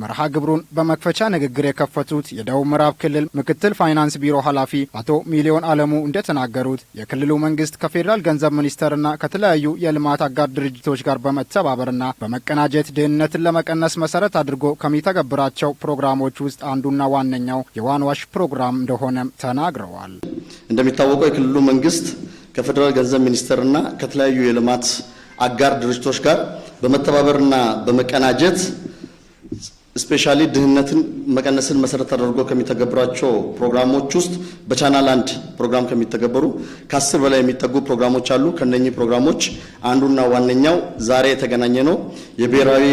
መርሃ ግብሩን በመክፈቻ ንግግር የከፈቱት የደቡብ ምዕራብ ክልል ምክትል ፋይናንስ ቢሮ ኃላፊ አቶ ሚሊዮን አለሙ እንደተናገሩት የክልሉ መንግስት ከፌዴራል ገንዘብ ሚኒስቴርና ከተለያዩ የልማት አጋር ድርጅቶች ጋር በመተባበርና በመቀናጀት ድህነትን ለመቀነስ መሰረት አድርጎ ከሚተገብራቸው ፕሮግራሞች ውስጥ አንዱና ዋነኛው የዋንዋሽ ፕሮግራም እንደሆነም ተናግረዋል። እንደሚታወቀው የክልሉ መንግስት ከፌዴራል ገንዘብ ሚኒስቴርና ከተለያዩ የልማት አጋር ድርጅቶች ጋር በመተባበርና በመቀናጀት ስፔሻሊ ድህነትን መቀነስን መሰረት ተደርጎ ከሚተገብራቸው ፕሮግራሞች ውስጥ በቻናል አንድ ፕሮግራም ከሚተገበሩ ከአስር በላይ የሚጠጉ ፕሮግራሞች አሉ። ከነኚህ ፕሮግራሞች አንዱና ዋነኛው ዛሬ የተገናኘ ነው የብሔራዊ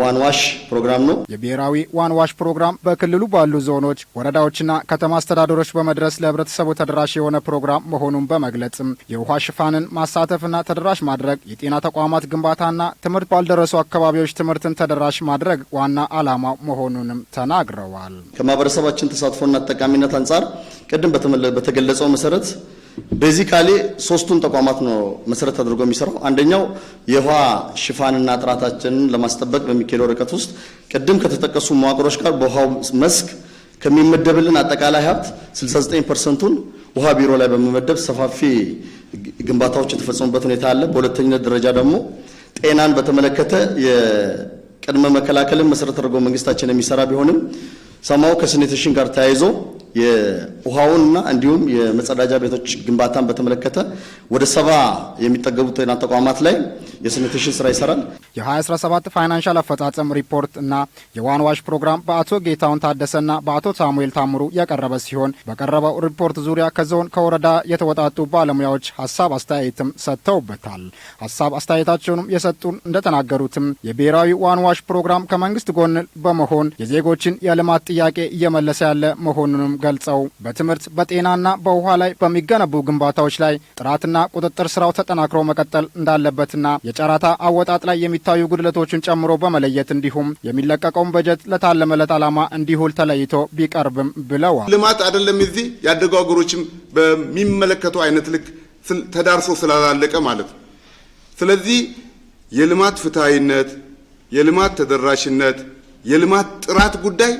ዋንዋሽ ፕሮግራም ነው። የብሔራዊ ዋንዋሽ ፕሮግራም በክልሉ ባሉ ዞኖች፣ ወረዳዎችና ከተማ አስተዳደሮች በመድረስ ለህብረተሰቡ ተደራሽ የሆነ ፕሮግራም መሆኑን በመግለጽም የውሃ ሽፋንን ማሳተፍና ተደራሽ ማድረግ፣ የጤና ተቋማት ግንባታና ትምህርት ባልደረሱ አካባቢዎች ትምህርትን ተደራሽ ማድረግ ዋና አላማ መሆኑንም ተናግረዋል። ከማህበረሰባችን ተሳትፎና ተጠቃሚነት አንጻር ቅድም በተገ በገለጸው መሰረት ቤዚካሊ ሶስቱን ተቋማት ነው መሰረት አድርጎ የሚሰራው። አንደኛው የውሃ ሽፋንና ጥራታችንን ለማስጠበቅ በሚካሄደው ርቀት ውስጥ ቅድም ከተጠቀሱ መዋቅሮች ጋር በውሃው መስክ ከሚመደብልን አጠቃላይ ሀብት 69 ፐርሰንቱን ውሃ ቢሮ ላይ በመመደብ ሰፋፊ ግንባታዎች የተፈጸሙበት ሁኔታ አለ። በሁለተኝነት ደረጃ ደግሞ ጤናን በተመለከተ የቅድመ መከላከልን መሰረት አድርጎ መንግስታችን የሚሰራ ቢሆንም ሰማው ከስኒቴሽን ጋር ተያይዞ የውሃውንና እንዲሁም የመጸዳጃ ቤቶች ግንባታን በተመለከተ ወደ ሰባ የሚጠገቡ ጤና ተቋማት ላይ የስኒቴሽን ስራ ይሰራል። የ2017 ፋይናንሻል አፈጻጸም ሪፖርት እና የዋን ዋሽ ፕሮግራም በአቶ ጌታሁን ታደሰና በአቶ ሳሙኤል ታምሩ ያቀረበ ሲሆን በቀረበው ሪፖርት ዙሪያ ከዞን ከወረዳ የተወጣጡ ባለሙያዎች ሀሳብ አስተያየትም ሰጥተውበታል። ሀሳብ አስተያየታቸውንም የሰጡን እንደተናገሩትም የብሔራዊ ዋን ዋሽ ፕሮግራም ከመንግስት ጎን በመሆን የዜጎችን የልማት ጥያቄ እየመለሰ ያለ መሆኑንም ገልጸው በትምህርት በጤናና በውሃ ላይ በሚገነቡ ግንባታዎች ላይ ጥራትና ቁጥጥር ስራው ተጠናክሮ መቀጠል እንዳለበትና የጨረታ አወጣጥ ላይ የሚ የሚታዩ ጉድለቶችን ጨምሮ በመለየት እንዲሁም የሚለቀቀውን በጀት ለታለመለት ዓላማ እንዲውል ተለይቶ ቢቀርብም ብለዋል። ልማት አይደለም እዚህ ያደጉ አገሮችም በሚመለከተው አይነት ልክ ተዳርሶ ስላላለቀ ማለት ነው። ስለዚህ የልማት ፍትሐዊነት፣ የልማት ተደራሽነት፣ የልማት ጥራት ጉዳይ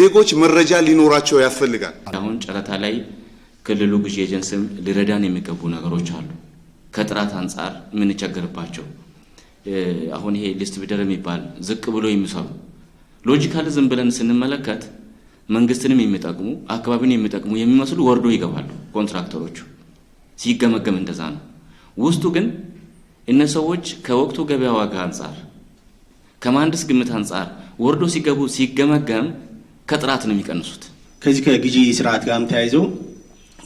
ዜጎች መረጃ ሊኖራቸው ያስፈልጋል። አሁን ጨረታ ላይ ክልሉ ግዢ ኤጀንሲም ሊረዳን የሚገቡ ነገሮች አሉ። ከጥራት አንጻር የምንቸገርባቸው አሁን ይሄ ሊስት ቢደር የሚባል ዝቅ ብሎ የሚሰሩ ሎጂካል ዝም ብለን ስንመለከት መንግስትንም የሚጠቅሙ አካባቢን የሚጠቅሙ የሚመስሉ ወርዶ ይገባሉ ኮንትራክተሮቹ። ሲገመገም እንደዛ ነው። ውስጡ ግን እነ ሰዎች ከወቅቱ ገበያ ዋጋ አንጻር ከማንድስ ግምት አንጻር ወርዶ ሲገቡ ሲገመገም ከጥራት ነው የሚቀንሱት። ከዚህ ከግዢ ስርዓት ጋርም ተያይዞ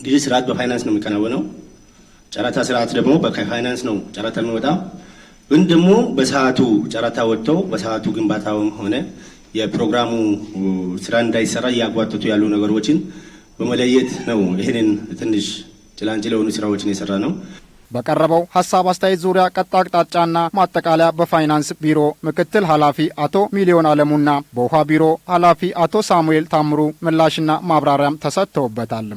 ግዢ ስርዓት በፋይናንስ ነው የሚከናወነው። ጨረታ ስርዓት ደግሞ በፋይናንስ ነው ጨረታ የሚወጣ ግን ደግሞ በሰዓቱ ጨረታ ወጥተው በሰዓቱ ግንባታውም ሆነ የፕሮግራሙ ስራ እንዳይሰራ እያጓተቱ ያሉ ነገሮችን በመለየት ነው። ይህንን ትንሽ ጭላንጭል የሆኑ ስራዎችን የሰራ ነው። በቀረበው ሀሳብ አስተያየት ዙሪያ ቀጣ አቅጣጫና ማጠቃለያ በፋይናንስ ቢሮ ምክትል ኃላፊ አቶ ሚሊዮን አለሙና በውሃ ቢሮ ኃላፊ አቶ ሳሙኤል ታምሩ ምላሽና ማብራሪያም ተሰጥተውበታል።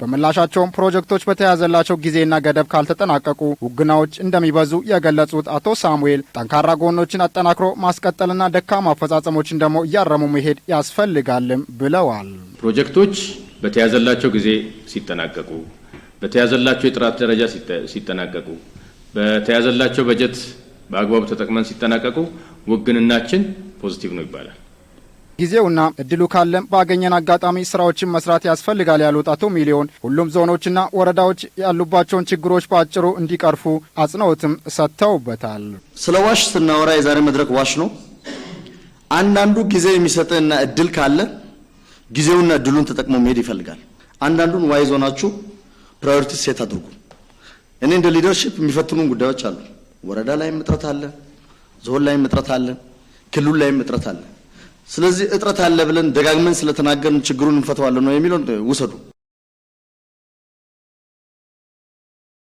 በምላሻቸውም ፕሮጀክቶች በተያዘላቸው ጊዜና ገደብ ካልተጠናቀቁ ውግናዎች እንደሚበዙ የገለጹት አቶ ሳሙኤል ጠንካራ ጎኖችን አጠናክሮ ማስቀጠልና ደካማ አፈጻጸሞችን ደግሞ እያረሙ መሄድ ያስፈልጋልም ብለዋል። ፕሮጀክቶች በተያዘላቸው ጊዜ ሲጠናቀቁ በተያዘላቸው የጥራት ደረጃ ሲጠናቀቁ፣ በተያዘላቸው በጀት በአግባቡ ተጠቅመን ሲጠናቀቁ ውግንናችን ፖዚቲቭ ነው ይባላል። ጊዜውና እድሉ ካለም ባገኘን አጋጣሚ ስራዎችን መስራት ያስፈልጋል ያሉት አቶ ሚሊዮን ሁሉም ዞኖችና ወረዳዎች ያሉባቸውን ችግሮች በአጭሩ እንዲቀርፉ አጽንኦትም ሰጥተውበታል። ስለ ዋሽ ስናወራ የዛሬ መድረክ ዋሽ ነው። አንዳንዱ ጊዜ የሚሰጥና እድል ካለ ጊዜውና እድሉን ተጠቅሞ መሄድ ይፈልጋል። አንዳንዱን ዋይ ዞናችሁ ፕራዮሪቲ ሴት አድርጉ። እኔ እንደ ሊደርሺፕ የሚፈትኑን ጉዳዮች አሉ። ወረዳ ላይም እጥረት አለ፣ ዞን ላይም እጥረት አለ፣ ክልል ላይም እጥረት አለ። ስለዚህ እጥረት አለ ብለን ደጋግመን ስለተናገርን ችግሩን እንፈተዋለን ነው የሚለውን ውሰዱ።